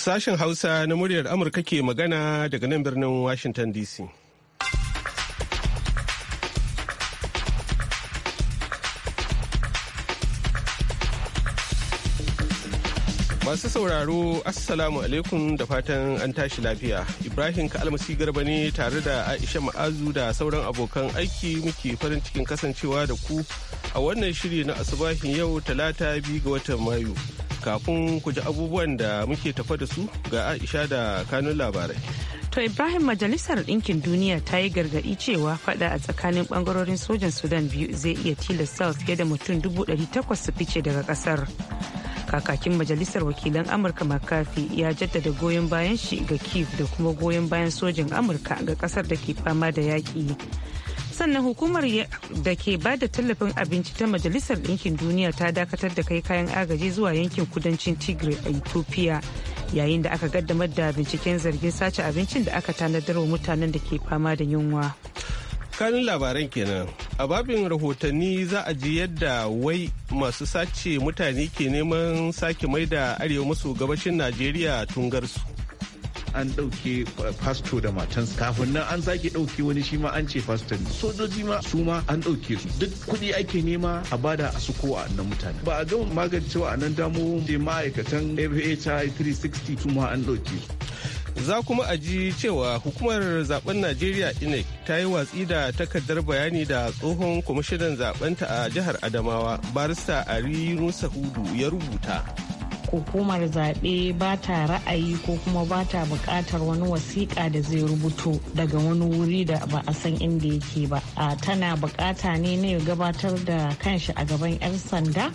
Sashen Hausa na muryar Amurka ke magana daga nan birnin Washington DC. Masu sauraro, Assalamu alaikum da fatan an tashi lafiya. Ibrahim Kalmasi Garba ne tare da Aisha Ma'azu da sauran abokan aiki muke farin cikin kasancewa da ku a wannan shiri na asubahin yau talata biyu ga watan Mayu. kafin ku ji abubuwan da muke tafa da su ga aisha da kanun labarai to ibrahim majalisar ɗinkin duniya ta yi gargaɗi cewa fada a tsakanin ɓangarorin sojan sudan biyu zai iya tilasta fiye da mutum dubu takwas su fice daga ƙasar kakakin majalisar wakilan amurka makafi ya jaddada goyon bayan shi ga kif da kuma goyon bayan sojan amurka ga ƙasar da ke fama da yaƙi sannan hukumar da ke ba da tallafin abinci ta majalisar ɗinkin duniya ta dakatar da kai kayan agaji zuwa yankin kudancin tigray a ethiopia yayin da aka gaddamar da binciken zargin sace abincin da aka tanadar wa mutanen da ke fama da yunwa kanin labaran kenan a babin rahotanni za a ji yadda wai masu sace mutane ke neman sake mai da arewa maso gabashin najeriya tungarsu an ɗauke fasto eh, da matansa kafin nan an sake ɗauke wani shi ma an ce fasto ne sojoji ma su ma an ɗauke su duk kuɗi ake nema a bada a su a nan mutane ba a gama magancewa a nan damu da ma'aikatan fhi 360 su ma an ɗauke su za kuma a ji cewa hukumar zaben najeriya inec ta yi watsi da takardar bayani da tsohon kwamishinan zabenta a jihar adamawa barista ari nusa hudu ya rubuta hukumar zaɓe ba ta ra'ayi ko kuma ba ta buƙatar wani wasiƙa da zai rubuto daga wani wuri da ba a san inda yake ba a tana buƙata ne na gabatar da kanshi a gaban 'yan sanda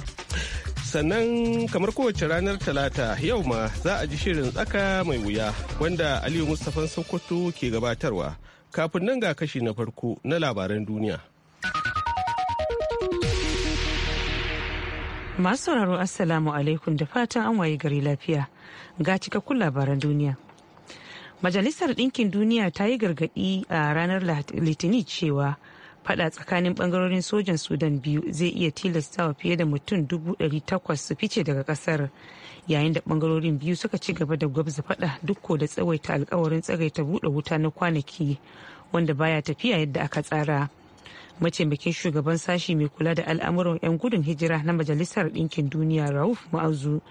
sannan kamar kowace ranar talata yau ma za a ji shirin tsaka mai wuya wanda aliyu mustapha sokoto ke gabatarwa kafin nan ga kashi na farko na labaran duniya Masu sauraro Assalamu alaikum da fatan an waye gari lafiya ga cikakkun labaran duniya. Majalisar Ɗinkin Duniya ta yi gargadi a ranar Litinin cewa fada tsakanin bangarorin sojan Sudan biyu zai iya tilastawa fiye da mutum takwas su fice daga kasar yayin da bangarorin biyu suka ci gaba da gwabza fada ko da tsawaita alkawarin tsagaita buɗe wuta na kwanaki wanda baya tafiya yadda aka tsara. mataimakin shugaban sashi mai kula da al'amuran 'yan gudun hijira na majalisar ɗinkin duniya rauf ma'azu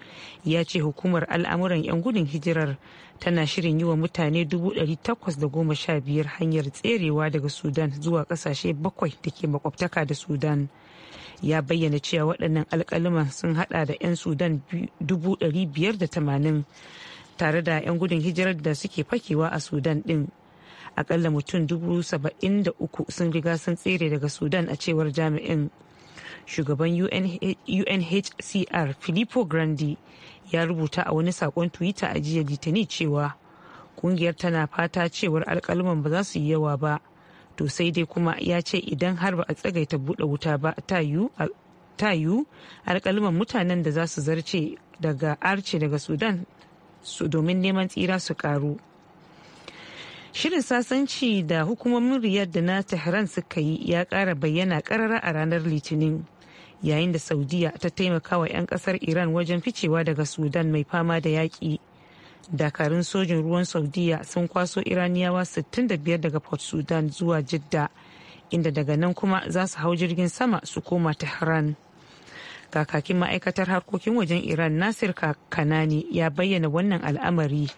ya ce hukumar al'amuran 'yan gudun hijirar tana shirin yi wa mutane 815 hanyar tserewa daga sudan zuwa ƙasashe bakwai da ke makwabtaka da sudan ya bayyana cewa waɗannan alƙaluman sun hada da 'yan sudan 580 tare da 'yan gudun hijirar da suke fakewa a sudan ɗin akalla mutum dubu saba'in da uku sun riga sun tsere daga sudan a cewar jami'in shugaban unhcr filippo grandi ya rubuta a wani sakon twitter a jiya litani cewa kungiyar tana fata cewar alkalman ba za su yi yawa ba to sai dai kuma ya ce idan har ba a tsagaita buɗe wuta ba ta yiwu alkalman mutanen da za su zarce daga arce daga sudan su domin neman tsira su karu Shirin sasanci da hukumomin riyar da na Tehran suka yi ya kara bayyana karara a ranar Litinin. Yayin da Saudiya ta taimaka wa 'yan kasar Iran wajen ficewa daga Sudan mai fama da yaƙi. Dakarun sojin ruwan Saudiya sun kwaso Iraniyawa 65 daga Port Sudan zuwa Jidda, inda daga nan kuma za su hau jirgin sama su koma Tehran. Kakakin ma'aikatar harkokin wajen Iran Nasir Kanani ya bayyana wannan al'amari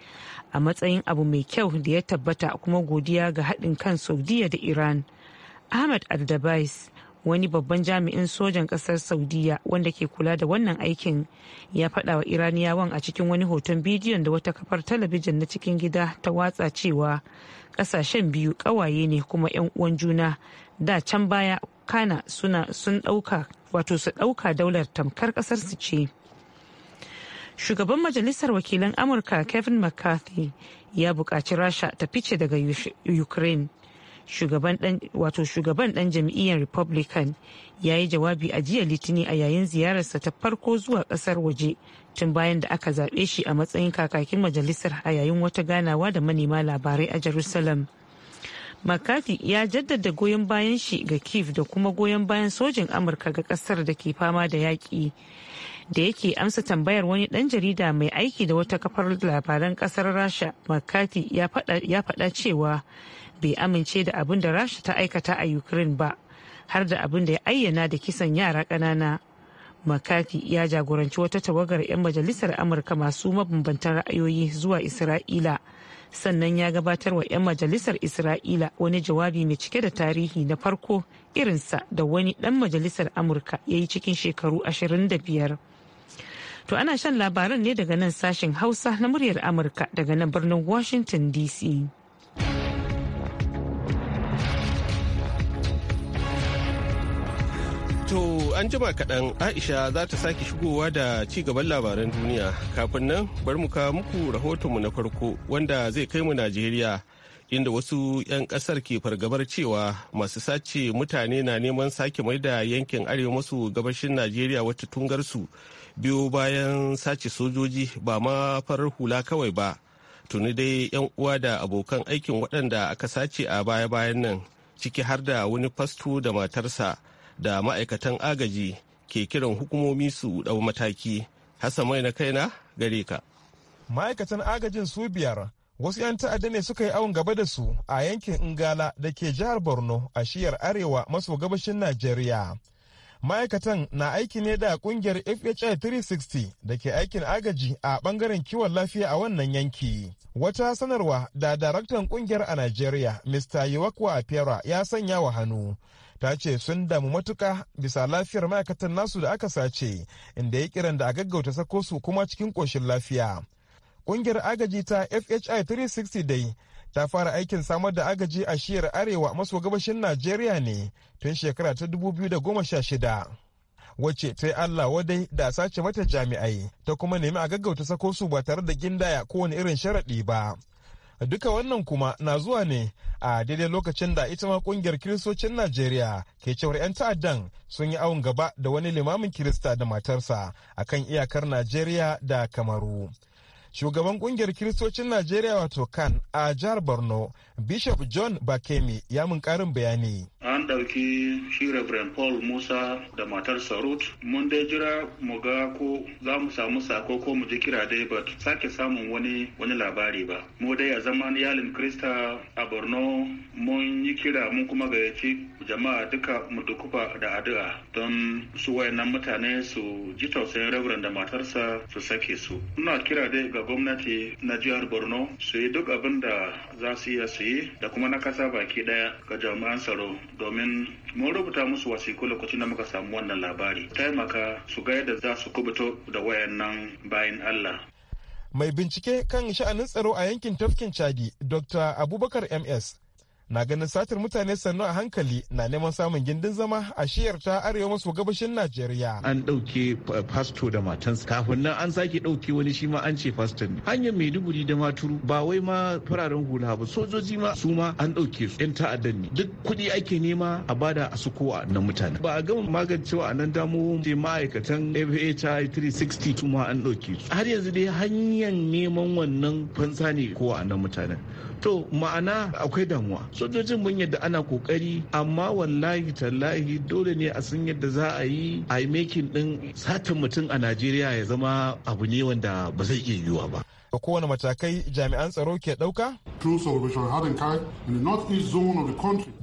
a matsayin abu mai kyau da ya tabbata kuma godiya ga haɗin kan saudiya da iran ahmad aldabais wani babban jami'in sojan ƙasar saudiya wanda ke kula da wannan aikin ya faɗa wa iraniyawan a cikin wani hoton bidiyon da wata kafar talabijin na cikin gida ta watsa cewa ƙasashen biyu ƙawaye ne kuma 'yan uwan juna da can baya kana suna sun ɗauka wato su ɗauka daular tamkar ƙasar su ce shugaban majalisar wakilan amurka kevin mccarthy ya buƙaci rasha ta fice daga ukraine wato shugaban ɗan jam'iyyar republican ya yi jawabi a jiya litini a yayin ziyararsa ta farko zuwa ƙasar waje tun bayan da aka zaɓe shi a matsayin kakakin majalisar a yayin wata ganawa da manema labarai a jerusalem mccarthy ya jaddada goyon bayan shi ga kiev da kuma goyon bayan sojin amurka ga ƙasar da ke fama da yaƙi da yake amsa tambayar wani dan jarida mai aiki da wata kafar labaran kasar rasha makati ya faɗa cewa bai amince da abin da rasha ta aikata a ukraine ba har da abin da ya ayyana da kisan yara ƙanana makati ya jagoranci wata tawagar 'yan majalisar amurka masu mabambantan ra'ayoyi zuwa isra'ila sannan ya gabatar wa 'yan majalisar isra'ila wani jawabi mai cike da tarihi na farko irinsa da wani dan majalisar amurka ya yi cikin shekaru 25 To ana shan labaran ne daga nan sashen Hausa na muryar Amurka daga nan birnin Washington DC. To an jima kaɗan Aisha za ta sake shigowa da ci gaban labaran duniya. Kafin nan bar mu kawo muku rahotonmu na farko wanda zai kai mu Najeriya inda wasu 'yan ƙasar ke fargabar cewa masu sace mutane na neman sake mai da yankin arewa maso gabashin Najeriya wata tungarsu biyo bayan sace sojoji ba ma farar hula kawai ba tuni dai 'yan uwa da abokan aikin waɗanda aka sace a baya-bayan nan ciki har da wani fasto da matarsa da ma'aikatan agaji ke kiran hukumomi su ɗau mataki hassan mai na kaina gare ka ma'aikatan agajin su biyar wasu 'yan ta'adda ne suka yi awon gaba da su a yankin ingala da ke jihar borno a shiyar arewa maso gabashin najeriya ma'aikatan na aiki ne da kungiyar fhi 360 da ke aikin agaji a bangaren kiwon lafiya a wannan yanki wata sanarwa da daraktan kungiyar a nigeria mr yiwakwa apera ya sanya wa hannu ta ce sun damu matuka bisa lafiyar ma'aikatan nasu da aka sace inda ya kiran da a gaggauta sako su kuma cikin koshin lafiya kungiyar agaji ta fhi 360 dai ta fara aikin samar da agaji a shiyar arewa maso gabashin Najeriya ne tun shekara ta 2016. wacce ta yi Allah wadai da sace mata jami'ai ta kuma nemi a gaggauta sako su ba tare da gindaya kowane irin sharaɗi ba. Duka wannan kuma na zuwa ne a daidai lokacin da ita ma kungiyar kiristocin Najeriya ke cewar 'yan ta'addan sun yi awon gaba da wani limamin kirista da matarsa akan iyakar Najeriya da Kamaru. shugaban kungiyar kiristocin najeriya wato kan a jihar borno bishop john bakemi ya mun karin bayani an ɗauki shi reverend paul musa da matar sarut mun dai jira mu ga ko za mu samu sako ko mu ji kira dai ba sake samun wani wani labari ba mu dai a zaman yalin krista a borno mun yi kira mun kuma gayyaci jama'a duka mu dukufa da addu'a don su wayannan mutane su ji tausayin reverend da matarsa su sake su ina kira dai ga gwamnati na jihar borno su yi duk abin da za su iya su yi da kuma na kasa baki daya ga jami'an tsaro domin mun rubuta musu wasiku lokacin da muka samu wannan labari taimaka su ga yadda za su kubuto da wayannan bayan allah mai bincike kan sha'anin tsaro a yankin tafkin chadi dr abubakar ms na ganin satar mutane sannu a hankali na neman samun gindin zama a shiyar ta arewa maso gabashin Najeriya. An ɗauke fasto eh, da matansa kafin nan an sake ɗauke wani shi ma an ce fasto ne. Hanyar Maiduguri da Maturu ba wai ma fararen hula ba sojoji ma su ma an ɗauke su 'yan ta'addan ne. Duk kuɗi ake nema a bada a suko a nan mutane. Ba a gama magancewa a nan damo ce ma'aikatan FHI 360 su ma an ɗauke su. Har yanzu dai hanyar neman wannan fansa ne ko a nan mutanen. to ma'ana akwai damuwa sojojin mun yadda ana kokari amma wallahi tallahi dole ne a san yadda za a yi a yi making din satin mutum a najeriya ya zama abu ne wanda ba zai iya yiwuwa ba ga kowane matakai jami'an tsaro ke ɗauka?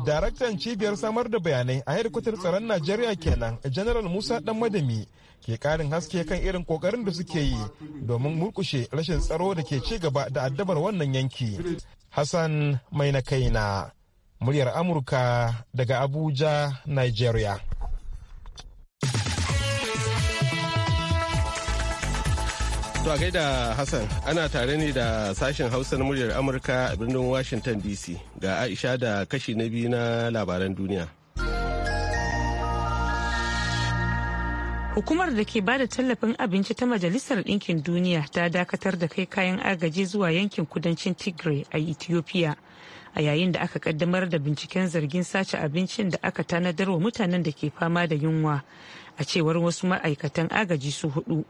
Daraktan cibiyar samar da bayanai a hedikwatar tsaron Najeriya kenan, General Musa Dan Madami ke karin haske kan irin kokarin da suke yi domin murkushe rashin tsaro da ke ci gaba da addabar wannan yanki. Hassan mai na kaina muryar Amurka daga Abuja, Nigeria. To a gaida Hassan ana tare ne da sashen Hausa na muryar Amurka a birnin Washington DC ga Aisha da kashi na biyu na labaran duniya. Hukumar da ke bada tallafin abinci ta Majalisar Ɗinkin Duniya ta dakatar da kai kayan agaji zuwa yankin kudancin Tigray a Ethiopia a yayin da aka kaddamar da binciken zargin sace abincin da aka tanadar wa mutanen da ke fama da yunwa a cewar wasu ma'aikatan agaji su hudu.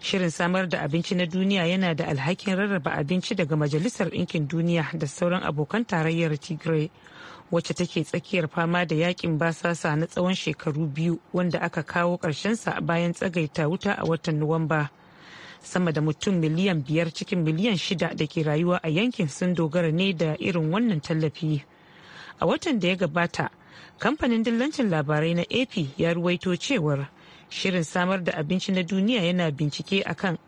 Shirin samar da abinci na duniya yana da alhakin rarraba abinci daga Majalisar Ɗinkin Duniya da sauran abokan tarayyar Tigray. wacce take tsakiyar fama da yakin basasa na tsawon shekaru biyu wanda aka kawo ƙarshensa bayan tsagaita wuta a watan nuwamba sama da mutum miliyan biyar cikin miliyan shida da ke rayuwa a yankin sun dogara ne da irin wannan tallafi a watan da ya gabata kamfanin dillancin labarai na ap ya ruwaito cewar shirin samar da abinci na duniya yana bincike akan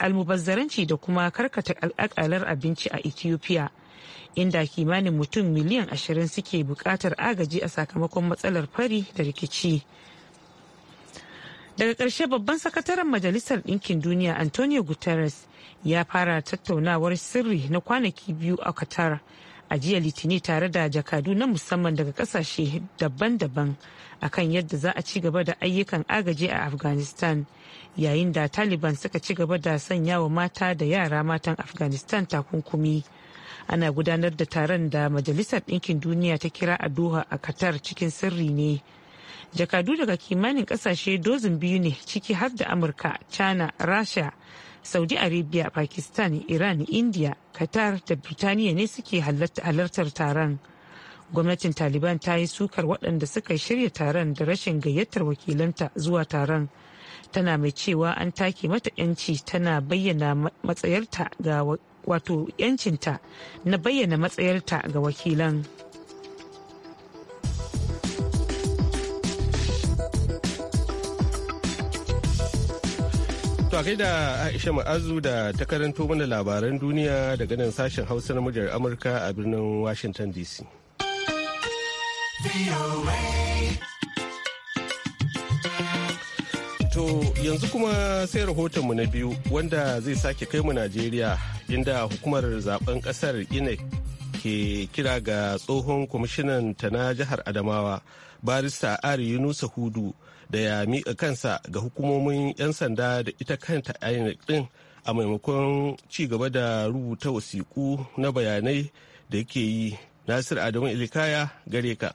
almubazzaranci da kuma karkata al'akalar abinci a ethiopia inda kimanin mutum miliyan ashirin suke bukatar agaji a sakamakon matsalar fari da rikici. daga ƙarshe babban sakataren majalisar ɗinkin duniya antonio guterres ya fara tattaunawar sirri na kwanaki biyu a qatar a jiya litini tare da jakadu na musamman daga ƙasashe daban-daban akan yadda za a ci gaba da ayyukan agaji a afghanistan yayin da taliban suka ci gaba da sanya wa mata da yara matan afghanistan takunkumi ana gudanar da taron da majalisar ɗinkin duniya ta kira a doha a qatar cikin sirri ne jakadu daga kimanin ƙasashe dozin biyu ne ciki har da amurka china rasha saudi arabia pakistan iran india qatar da birtaniya ne suke halartar taron gwamnatin taliban ta yi sukar waɗanda suka shirya taron da rashin gayyatar wakilanta zuwa taron tana mai cewa an take mata yanci tana bayyana matsayarta ga wato 'yancinta na bayyana matsayarta ga wakilan. To da Aisha Ma'azu da ta karanto mana labaran duniya daga nan sashen Hausa na mujar Amurka a birnin Washington DC. To yanzu kuma sai rahotonmu na biyu wanda zai sake kai mu Najeriya inda hukumar zaben kasar INEC ke kira ga tsohon kwamishinan ta na jihar Adamawa barista Ari Yunusa Hudu da ya miƙa kansa ga hukumomin 'yan sanda da ita kanta INEC ɗin a maimakon ci gaba da rubuta wasiku na bayanai da yake yi Nasir Adamu Ilikaya gare ka.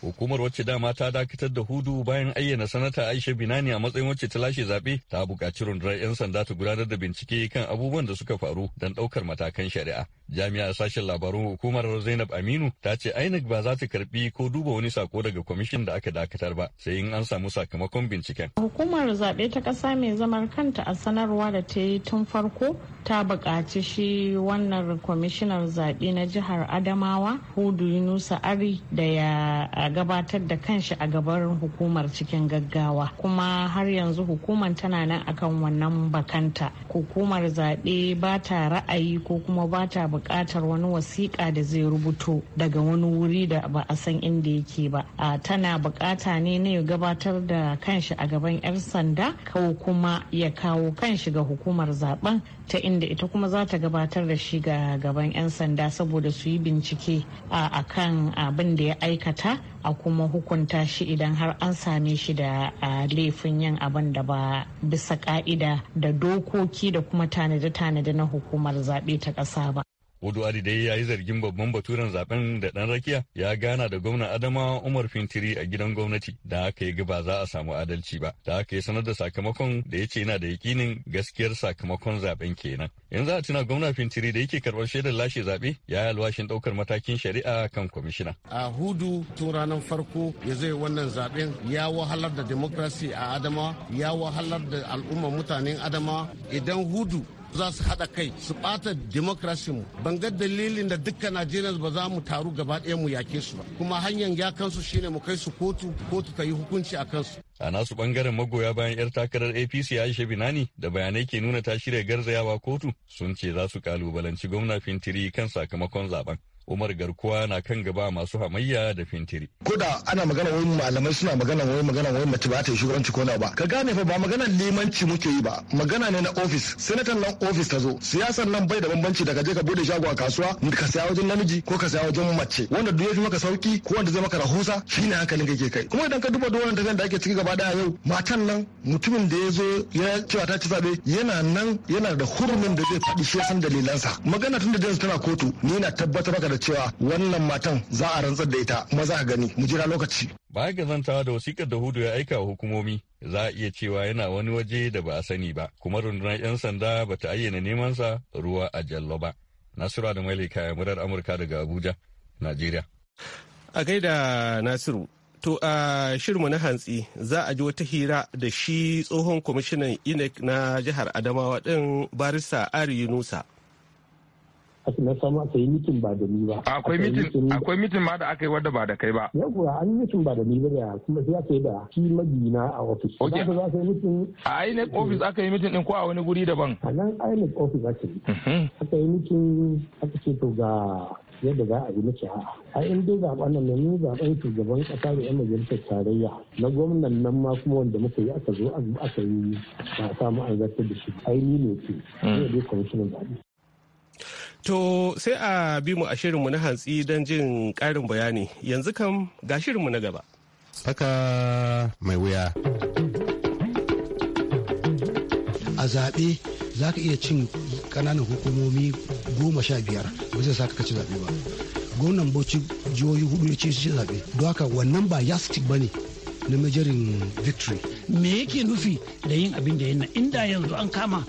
Hukumar wacce dama ta dakatar da hudu bayan ayyana sanata Aisha Binani a matsayin wacce ta lashe zaɓe ta buƙaci rundunar 'yan sanda ta gudanar da bincike kan abubuwan da suka faru don ɗaukar matakan shari'a. jami'ar sashen labarun hukumar Zainab Aminu ta ce INEC ba za ta karbi ko duba wani sako daga kwamishin da aka dakatar ba sai in an samu sakamakon binciken. Hukumar zaɓe ta ƙasa mai zamar kanta a sanarwa da ta yi tun farko ta buƙaci shi wannan kwamishinar zaɓe na jihar Adamawa Hudu Yunusa Ari da ya gabatar da kanshi a gabar hukumar cikin gaggawa kuma har yanzu hukumar tana nan akan wannan bakanta. Hukumar zaɓe ba ta ra'ayi ko kuma ba ta buƙatar wani wasiƙa da zai rubuto daga wani wuri da ba a san inda yake ba a tana buƙata ne na ya gabatar da kanshi a gaban 'yan sanda ko kuma ya kawo kanshi ga hukumar zaben ta inda ita kuma za ta gabatar da shi ga gaban 'yan sanda saboda su yi bincike a kan abin da ya aikata a kuma hukunta shi idan har an same shi da laifin yin abin da ba bisa ka'ida da dokoki da kuma tanade-tanade na hukumar zaɓe ta ƙasa ba. Oduwari dai ya yi zargin babban baturen zaben da dan rakiya ya gana da gwamna Adama Umar Fintiri a gidan gwamnati da aka yi ga ba za a samu adalci ba. Da aka yi sanar da sakamakon da ya ce yana da yakinin gaskiyar sakamakon zaben kenan. Yanzu a tuna gwamna Fintiri da yake karɓar shaidar lashe zaɓe ya yi alwashin ɗaukar matakin shari'a kan kwamishina. A hudu tun ranar farko ya zai wannan zaben ya wahalar da demokrasi a Adama ya wahalar da al'ummar mutanen Adama idan hudu za su haɗa kai su ɓata demokrasi mu ban ga dalilin da dukkan najeriya ba za mu taru gaba ɗaya mu yake su ba kuma hanyar ya kansu shine mu kai su kotu kotu ta yi hukunci a kansu a nasu bangaren magoya bayan yar takarar apc aisha binani da bayanai ke nuna ta shirya garzayawa kotu sun ce za su kalubalanci gwamna fintiri kan sakamakon zaben Umar Garkuwa na kan gaba masu hamayya da fintiri. Ko da ana magana wai malamai suna magana wai magana wai mace ba ta yi shugabanci ko ba. Ka gane fa ba magana limanci muke yi ba, magana ne na ofis. Sanatan nan ofis ta zo. Siyasar nan bai da bambanci daga je ka bude shago a kasuwa, ka saya wajen namiji ko ka saya wajen mace. Wanda duk ya fi maka sauki ko wanda zai maka rahusa shine hankalin kake kai. Kuma idan ka duba duk wannan tafiyar da ake ciki gaba daya yau, matan nan mutumin da ya zo ya cewa ta ci zabe yana nan yana da hurumin da zai faɗi shi san dalilansa. Magana tun da tana kotu ni na tabbatar maka da da cewa wannan matan za a rantsar da ita kuma za a gani mu jira lokaci ba ga zantawa da wasikar da hudu ya aika wa hukumomi za a iya cewa yana wani waje da ba a sani ba kuma rundunar 'yan sanda ba ta ayyana sa ruwa a jallo ba nasura da mailika ya murar amurka daga abuja najeriya a gaida nasiru To a uh, shirmu na hantsi za a ji wata hira da shi tsohon kwamishinan INEC na jihar Adamawa ɗin barista Ari Yunusa. na samu aka yi mitin ba da ni ba. Akwai mitin akwai mitin ma da aka yi wadda ba da kai ba. Yawwa an yi mitin ba da ni ba da kuma sai aka yi da shi magina a ofis. Oke. za ka yi mitin. A INEC ofis aka yi mitin din ko a wani guri daban. A nan INEC ofis aka yi. Mhm. Aka yi mitin aka ce to ga yadda za a yi miki a in dai zaben nan ne zaben shugaban ƙasa da yan majalisar tarayya na gwamnan nan ma kuma wanda muka yi aka zo aka yi ba a samu an zartar da shi ai ni e ne ke mm. ne dai kwamishinan zaɓe To sai a bi mu a shirinmu na hantsi don jin ƙarin bayani yanzu kam ga shirinmu na gaba. Saka mai wuya. A zaɓe za ka iya cin ƙananan hukumomi goma sha biyar ba zai sa ka ci zaɓe ba. Gwamnan Bauchi jihohi hudu ya ce shi zaɓe. Don haka wannan ba yastik ba ne na majorin victory. Me yake nufi da yin abin da yana inda yanzu an kama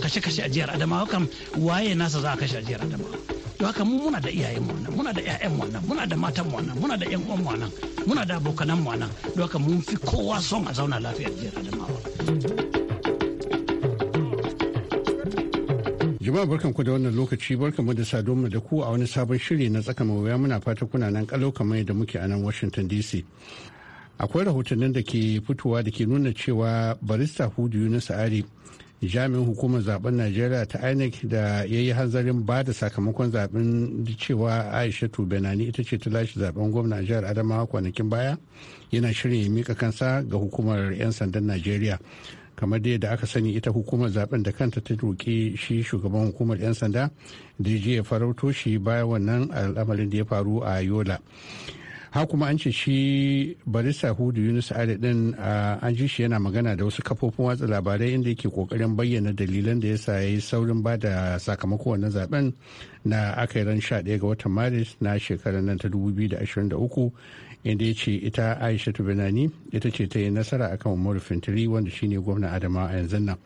kashe-kashe a jihar adamawa kan waye nasa za a kashe a jihar adamawa to haka mu muna da iyayen wannan muna da ƴaƴan mu wannan muna da matan mu wannan muna da ƴan uwan wannan muna da abokanan wannan to haka mun fi kowa son a zauna lafiya a jihar adamawa jama'a barkan ku da wannan lokaci barkan mu da saduwa da ku a wani sabon shiri na tsaka mawuya muna fata kuna nan kalau kamar yadda muke a nan washington dc akwai rahotannin da ke fitowa da ke nuna cewa barista hudu yunus ari jami'in hukumar zaben najeriya ta inec da ya yi hanzarin ba da sakamakon zaben cewa aishatu benani ita ce ta lashe zaben gwamna jihar adamawa kwanakin baya yana shirin ya mika kansa ga hukumar 'yan sandan najeriya kamar dai da aka sani ita hukumar zaben da kanta ta roƙi shi shugaban hukumar 'yan sanda da ya farauto shi baya wannan al'amarin da ya faru a yola ha kuma an ce shi barista hudu yunus ali din an ji shi yana magana da wasu kafofin watsa labarai inda yake kokarin bayyana dalilan da ya sa ya yi saurin ba da sakamako wannan zaben na aka yi ran 11 ga watan maris na shekarar nan ta 2023 inda ya ce ita aisha binani ita ce ta yi nasara akan umaru fintiri wanda shine gwamna adama a yanzu nan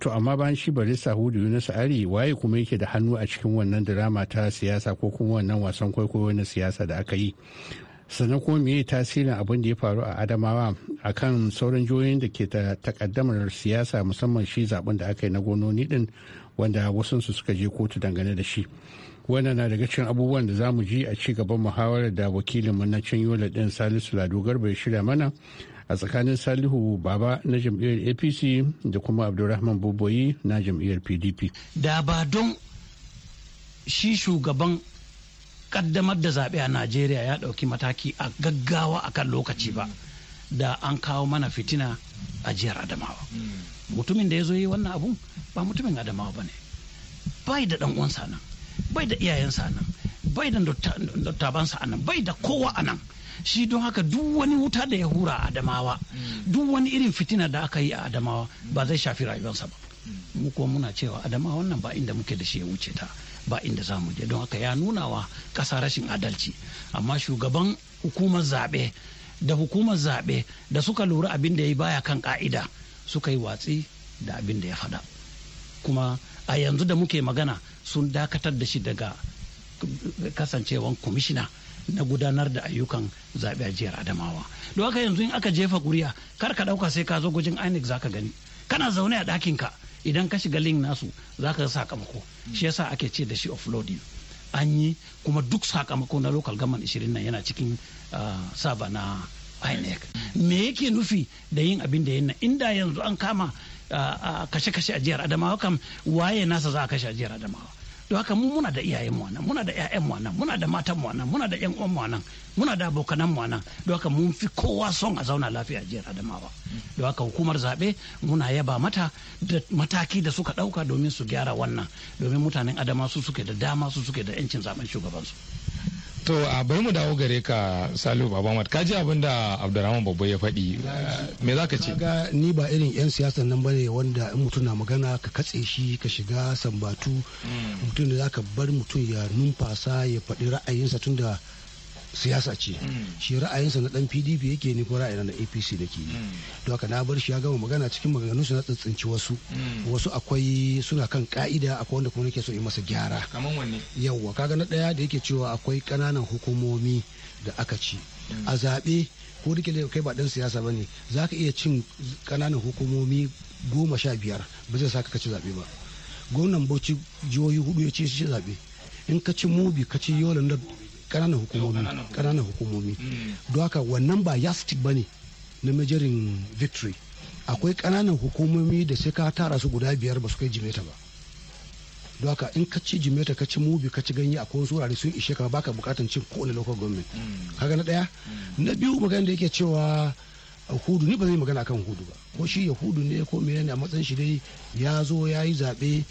to amma bayan shi barista hudu yunus ari waye kuma yake da hannu a cikin wannan dirama ta siyasa ko kuma wannan wasan kwaikwayo na siyasa da aka yi sannan kuma meye tasirin abin da ya faru a adamawa a kan sauran jihohin da ke takaddamar siyasa musamman shi zaben da aka yi na gononi din wanda wasansu suka je kotu dangane da shi wannan na daga cikin abubuwan da za mu ji a ci gaban muhawarar da wakilin mu na can yola din salisu lado garba ya shirya mana a tsakanin salihu baba na jam'iyyar apc da kuma abdulrahman boboyi na jam'iyyar pdp da ba don shi shugaban kaddamar da zaɓe a najeriya ya ɗauki mataki a gaggawa a kan lokaci ba da an kawo mana fitina a jiyar adamawa mutumin da ya zo yi wannan abun ba mutumin adamawa ba ne bai da uwansa nan bai da iyayensa nan bai da dottabansa a nan bai da kowa a nan shi don haka duk wani wuta da ya hura a adamawa duk wani irin fitina da aka yi a adamawa ba zai shafi rayuwarsa ba mu kuma muna cewa adamawa wannan ba inda muke da shi ya wuce ta ba inda za mu je don haka ya nuna wa ƙasa rashin adalci amma shugaban hukumar zaɓe da hukumar zaɓe da suka lura abin da ya yi baya kan ƙa'ida suka yi watsi da abin da ya faɗa kuma a yanzu da muke magana sun dakatar da shi daga kasancewan kwamishina na gudanar da ayyukan zaɓe a jihar adamawa don haka yanzu in aka jefa ƙuri'a kar ka ɗauka sai ka zo gujin inec ka gani kana zaune a ɗakinka idan ka shiga link nasu za ka sakamako shi yasa ake ce da shi offloading an yi kuma duk sakamako na local government 20 nan yana cikin ah, saba na INEC me yake nufi da yin abin da yin In inda yanzu an kama ah, ah, kashe-kashe a jihar adamawa kam waye nasa za a kashe a jihar adamawa yau haka mu muna da iyayen mu muna da ƴaƴan mu muna da matan mu muna da ƴan uwan mu muna da abokanan mu nan don haka mun fi kowa son a zauna lafiya a jiyar Adamawa don haka hukumar zabe muna yaba mata da mataki da suka ɗauka domin su gyara wannan domin mutanen Adama su suke da dama su suke da yancin zaben shugabansu. to a bari mu dawo gare ka salu babamat ka ji abinda da abdurrahman babba ya faɗi me za ka ce ga ni ba irin yan siyasa nan ba ne wanda in mutum na magana ka katse shi ka shiga sambatu mm. mutum da za ka bar mutum ya numfasa ya faɗi ra'ayinsa tunda siyasa ce hmm. shi ra'ayinsa na dan pdp yake ni ko ra'ayin na apc ke yi don hmm. haka na bar shi ya gama magana cikin maganganunsu na tsintsinci wasu hmm. wasu akwai suna kan ka'ida akwai wanda kuma nake so yi masa gyara yawwa kaga na daya da yake cewa akwai kananan hukumomi da aka ci a zaɓe ko da kai ba dan siyasa ba ne za ka iya cin kananan hukumomi goma sha biyar ba zai sa ka ci zaɓe ba gwamnan bauchi jihohi hudu ya ce shi zaɓe in ka ci mubi ka ci yola kananan hukumomi kananan hukumomi mm. don haka wannan ba yastik ba ne na majerin victory akwai kananan hukumomi da sai ka tara su guda biyar ba su kai jimeta ba don haka in ka ci jimeta ka ci mubi ka ci ganye akwai wasu wurare sun ishe ka baka bukatan cin kowane local government mm. kaga na daya mm. na biyu magana da yake cewa hudu ni ba zai magana kan hudu ba ko shi yahudu ne ko me ne a matsayin shi dai ya zo ya yi zaɓe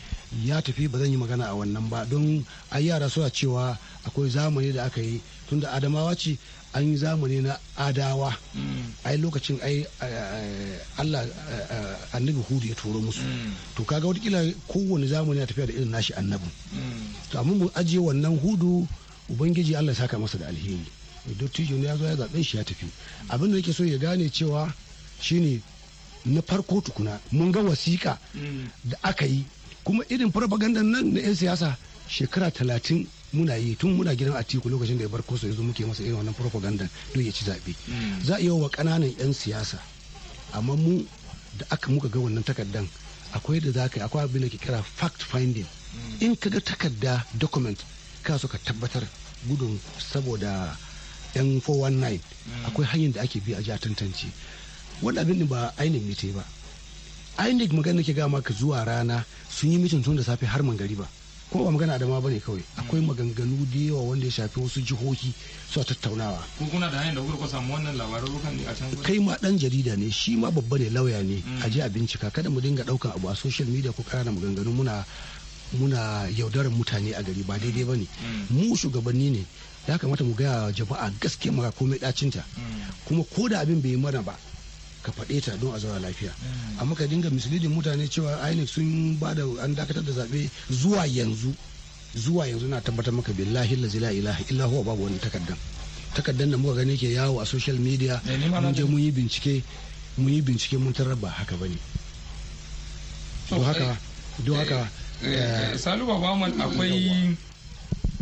ya tafi ba zan yi magana a wannan ba don a yara suna cewa akwai zamani da aka yi tunda adamawa ce an yi zamani na adawa mm. ai lokacin ai eh, allah eh, annabi hudu ya turo musu mm. to kaga watakila kowane zamani ya tafiya da irin nashi annabin mm. to amma mu ajiye wannan hudu ubangiji allah ya saka masa da alheri dattijo ne ya zo ya zaɓe shi ya tafi abin da nake so ya gane cewa shine na farko tukuna mun ga wasiƙa da aka yi kuma irin farfaganda nan na 'yan siyasa shekara talatin muna yi tun muna gidan atiku lokacin da ya bar koso ya zo muke masa irin wannan farfaganda don ya ci zaɓe mm. za a yi wa ƙananan 'yan siyasa amma mu da aka muka ga wannan takardan akwai da za ka yi akwai abin da ke kira fact finding mm. in ka ga takarda document ka so ka tabbatar gudun saboda yan 419 akwai hanyar da ake bi a ji a tantance wani abin ba ainihin mita ba ainihin magana ke gama ka zuwa rana sun yi mitin tun da safe har ba ko ba magana adama bane kawai akwai maganganu da yawa wanda ya shafi wasu jihohi su tattaunawa ko da hanyar da kuka samu wannan ne a can kai ma dan jarida ne shi ma babba ne lauya ne mm. a je a bincika kada mu dinga daukan abu a social media ko kana maganganu muna muna yaudarar mutane a gari ba daidai ba ne mm. mu shugabanni ne ya kamata mu gaya jama'a gaske mara komai dacinta kuma ko da abin bai mana ba ka faɗe ta don a zauna lafiya amma ka dinga misilidin mutane cewa inec sun ba da an dakatar da zaɓe zuwa yanzu zuwa yanzu na tabbatar maka billahi la ilaha illa huwa babu wani takaddan takaddan da muka gani ke yawo a social media eh, mun je mun yi bincike mun yi bincike mun tarar ba haka bane don haka don haka eh, eh, salu babaman akwai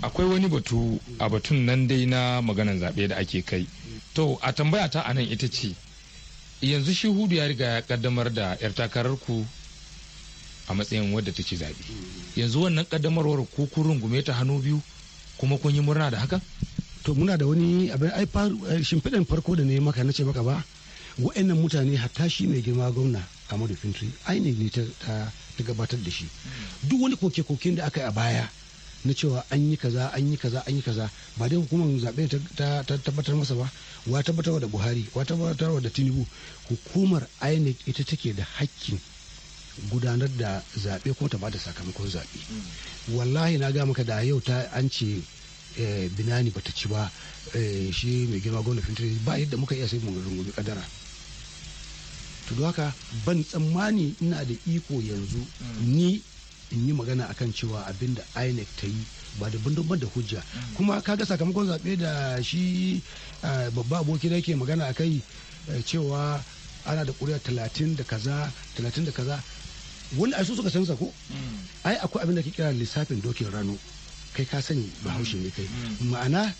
akwai wani batu a batun nan dai na maganan zaɓe da ake kai to a tambaya ta anan ita ce yanzu shi hudu ya riga ya kaddamar da yar takarar ku a matsayin wadda ta ce zaɓe yanzu wannan kaddamarwar ku kun rungume ta hannu biyu kuma kun yi murna da haka to muna da wani abin ai shimfiɗan farko da ne maka na ce maka ba wa'annan mutane hatta shi ne girma gwamna da Fintri ai ne ta gabatar da shi duk wani koke-koken da aka yi a baya na cewa an yi kaza an yi kaza an yi kaza ba dai hukumar zaɓe ta tabbatar masa ba wa tabbatarwa da buhari wa tabbatarwa da tinubu hukumar inec ita take da hakkin gudanar da zaɓe ko ta bada sakamakon zaɓe mm. wallahi na ga maka da yau ta an ce eh, binani bata ci ba eh, shi mai girma gwamna fintiri ba yadda muka iya sai mu rungumi kadara to haka ban tsammani ina da iko yanzu mm. ni in yi magana akan cewa abin da inec ta yi ba da bindin da hujja kuma ka ga sakamakon zaɓe da shi babba aboki da yake magana a kai cewa ana da ƙuri'a talatin da kaza talatin da kaza wani ai su suka canza ko mm. ai akwai abin da ke kira lissafin dokin rano kai ka sani bahaushe ne kai mm. Mm. ma'ana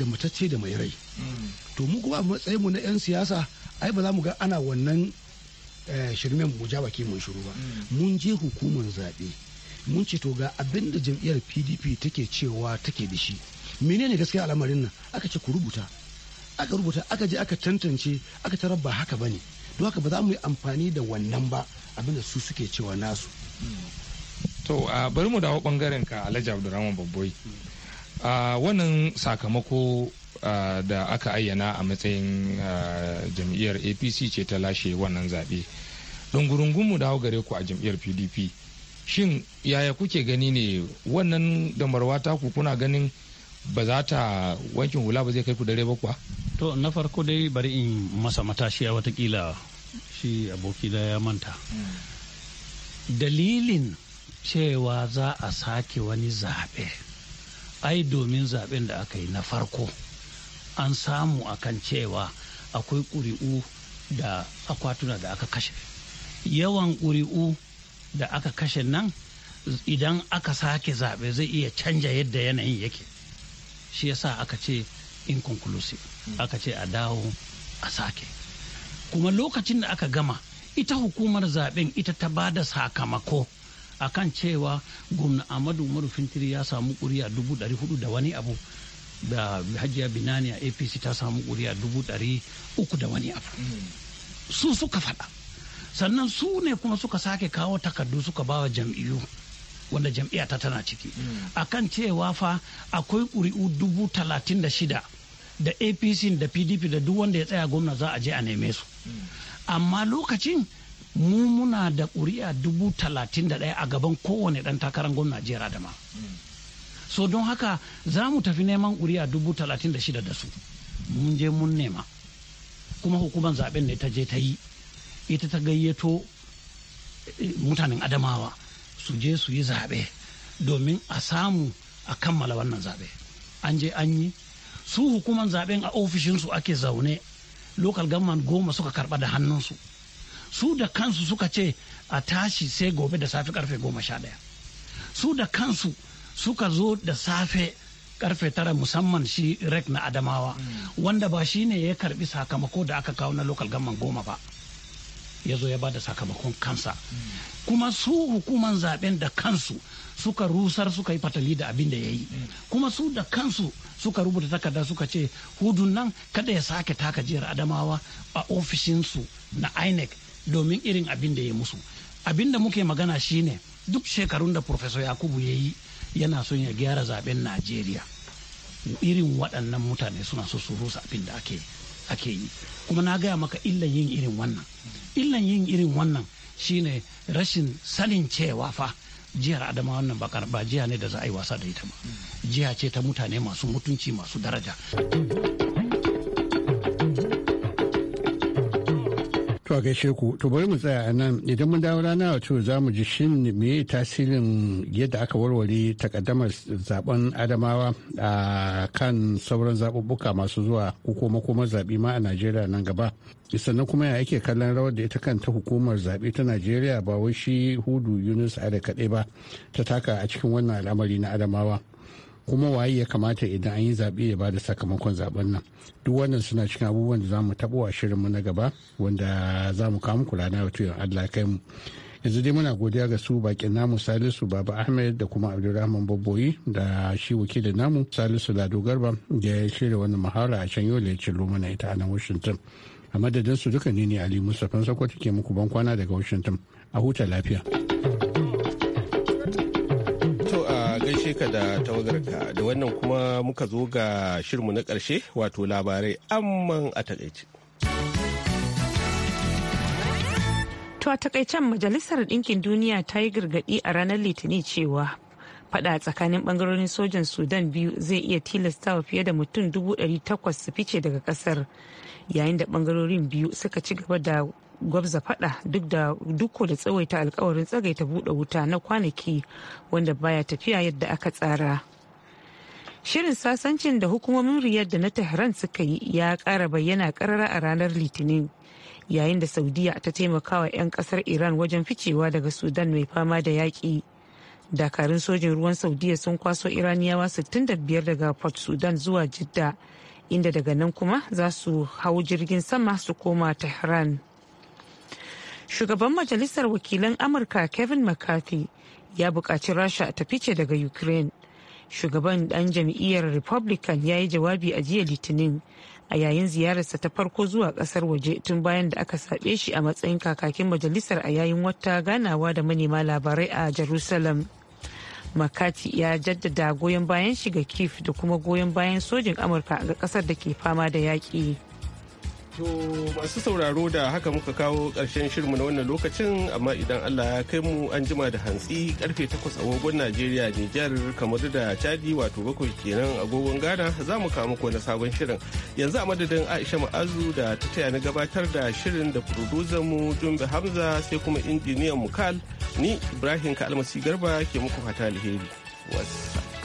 da matacce da mai rai to mu kuma a matsayinmu na 'yan siyasa ai ba za mu ga ana wannan Eh, shirmen mu ja baki mun shiru ba mm. mun je hukumar zaɓe mun ce to ga abin da jam'iyyar pdp take cewa take da shi menene gaskiya al'amarin nan aka ce ku rubuta aka rubuta aka je aka tantance aka tarar ba haka bane don haka ba za mu yi amfani da wannan ba abin da su suke cewa nasu mm. to bari mu dawo bangaren ka alhaji abdurrahman babboi mm. wannan sakamako da aka ayyana a matsayin jam'iyyar apc ce ta lashe wannan zaɓe ɗungurungunmu da gare ku a jam'iyyar pdp shin yaya kuke gani ne wannan da ku kuna ganin ba za ta wankin hula ba zai kai ku dare ba kuwa to na farko dai bari in masa matashi a watakila shi aboki da ya manta dalilin cewa za a sake wani zaɓe ai domin zaɓen da aka yi na farko an samu akan cewa akwai ƙuri'u da akwatuna da aka kashe yawan ƙuri'u da aka kashe nan idan aka sake zaɓe zai iya canja yadda yanayin yake shi yasa aka ce inconclusive aka ce a dawo a sake kuma lokacin da aka gama ita hukumar zaɓen ita ta ba da sakamako akan cewa gwamna amadu umaru fintiri ya samu ƙuri'a dubu ɗari hudu da wani abu da hajiya binani a apc ta samu ƙuri'a dubu ɗari uku da wani abu su suka faɗa sannan su ne kuma suka sake kawo takardu suka bawa jam'iyyu wanda jam'iyya ta tana ciki akan cewa fa akwai ƙuri'u dubu talatin da shida da apc da pdp da duk wanda ya tsaya gwamna za a je a neme su amma lokacin mu muna da ƙuri'a dubu talatin da ɗaya a gaban kowane ɗan takarar gwamna jihar adama so don haka za mu tafi neman ƙuri'a dubu talatin da shida da su mun je mun nema kuma hukumar zaben ne ta je ta yi ita ta gayyato eh, mutanen adamawa su je su yi zaɓe domin a samu a kammala wannan zaɓe an je an yi su hukumar zaɓen a ofishinsu ake zaune local government goma suka karɓa da hannunsu su da kansu suka ce a tashi sai gobe da safe karfe goma sha ɗaya su da kansu suka zo da safe karfe tara musamman shi rek na adamawa mm. wanda ba shi ne ya karbi sakamako da aka kawo na lokal gamman goma ba ya zo ya ba da sakamakon kansa mm. kuma su hukuman zaben da kansu suka rusar suka yi fatali da abin da ya yi mm. kuma su da kansu suka rubuta takarda suka ce hudun nan kada ya sake taka jiyar adamawa a ofishinsu na inec domin irin abin da ya musu abin da muke magana shine duk shekarun da professor yakubu ya yi yana son ya gyara zaben najeriya irin waɗannan mutane suna so su rusa abin da ake yi kuma na gaya maka illan yin irin wannan illan yin irin wannan shine rashin sanin cewa fa jihar adama wannan bakar ba jiya ne da za a yi wasa da ita ba jiya ce ta mutane masu mutunci masu daraja To gaishe ku, to bari mu tsaya a nan idan mun dawo rana to za mu ji shin me tasirin yadda aka warware takaddamar zaben Adamawa a kan sauran zaɓuɓɓuka masu zuwa ko kuma kuma zaɓi ma a Najeriya nan gaba. sannan kuma ya ake kallon rawar da ita kanta hukumar zaɓe ta najeriya ba wai shi hudu yunus ada kaɗai ba ta taka a cikin wannan al'amari na adamawa kuma waye ya kamata idan an yi zaɓe ya bada sakamakon zaɓen nan duk wannan suna cikin abubuwan da za mu taɓo a shirinmu na gaba wanda za mu kawo muku rana wato yin allah kai mu yanzu dai muna godiya ga su bakin namu salisu baba ahmed da kuma abdulrahman babboyi da shi wakilin namu salisu lado garba da ya shirya wannan muhawara a can yau da ya ita a nan washington a madadin su duka ne ne ali mustapha ke muku ban kwana daga washington a huta lafiya. barka da tawagarka da wannan kuma muka zo ga shirmu na ƙarshe wato labarai amman a takaice. To a takaicen Majalisar Ɗinkin Duniya ta yi gargaɗi a ranar litini cewa fada tsakanin bangarorin sojan Sudan biyu zai iya tilastawa fiye da mutum 800 su fice daga ƙasar yayin da bangarorin biyu suka ci gaba da gwabza fada duk da duko da tsawaita alkawarin tsagaita buɗe wuta na kwanaki wanda baya tafiya yadda aka tsara. Shirin sasancin da hukumomin riyar da na Tehran suka yi ya ƙara bayyana ƙarara a ranar Litinin. Yayin da Saudiya ta taimakawa 'yan kasar Iran wajen ficewa daga Sudan mai fama da yaƙi. Dakarun sojin ruwan Saudiya sun kwaso Iraniyawa 65 daga Port Sudan zuwa Jidda, inda daga nan kuma za su hau jirgin sama su koma Tehran. shugaban majalisar wakilan amurka kevin mccarthy ya buƙaci rasha ta fice daga ukraine shugaban ɗan jam'iyyar republican ya yi jawabi a jiya litinin a yayin ziyararsa ta farko zuwa ƙasar waje tun bayan da aka saɓe shi a matsayin kakakin majalisar a yayin wata ganawa da manema labarai a jerusalem makati ya jaddada goyon bayan shiga kif da kuma goyon bayan sojin amurka ga ƙasar da ke fama da yaƙi. To masu sauraro da haka muka kawo ƙarshen shirinmu na wannan lokacin amma idan Allah ya kai mu an jima da hantsi karfe takwas agogon Najeriya Nijar kamar da Chadi wato bakwai kenan agogon Ghana za mu kawo muku wani sabon shirin. Yanzu a madadin Aisha Ma'azu da ta taya na gabatar da shirin da producer mu Jumbe Hamza sai kuma injiniyan mu Kal ni Ibrahim Kalmasi Garba ke muku fata alheri. Wasa.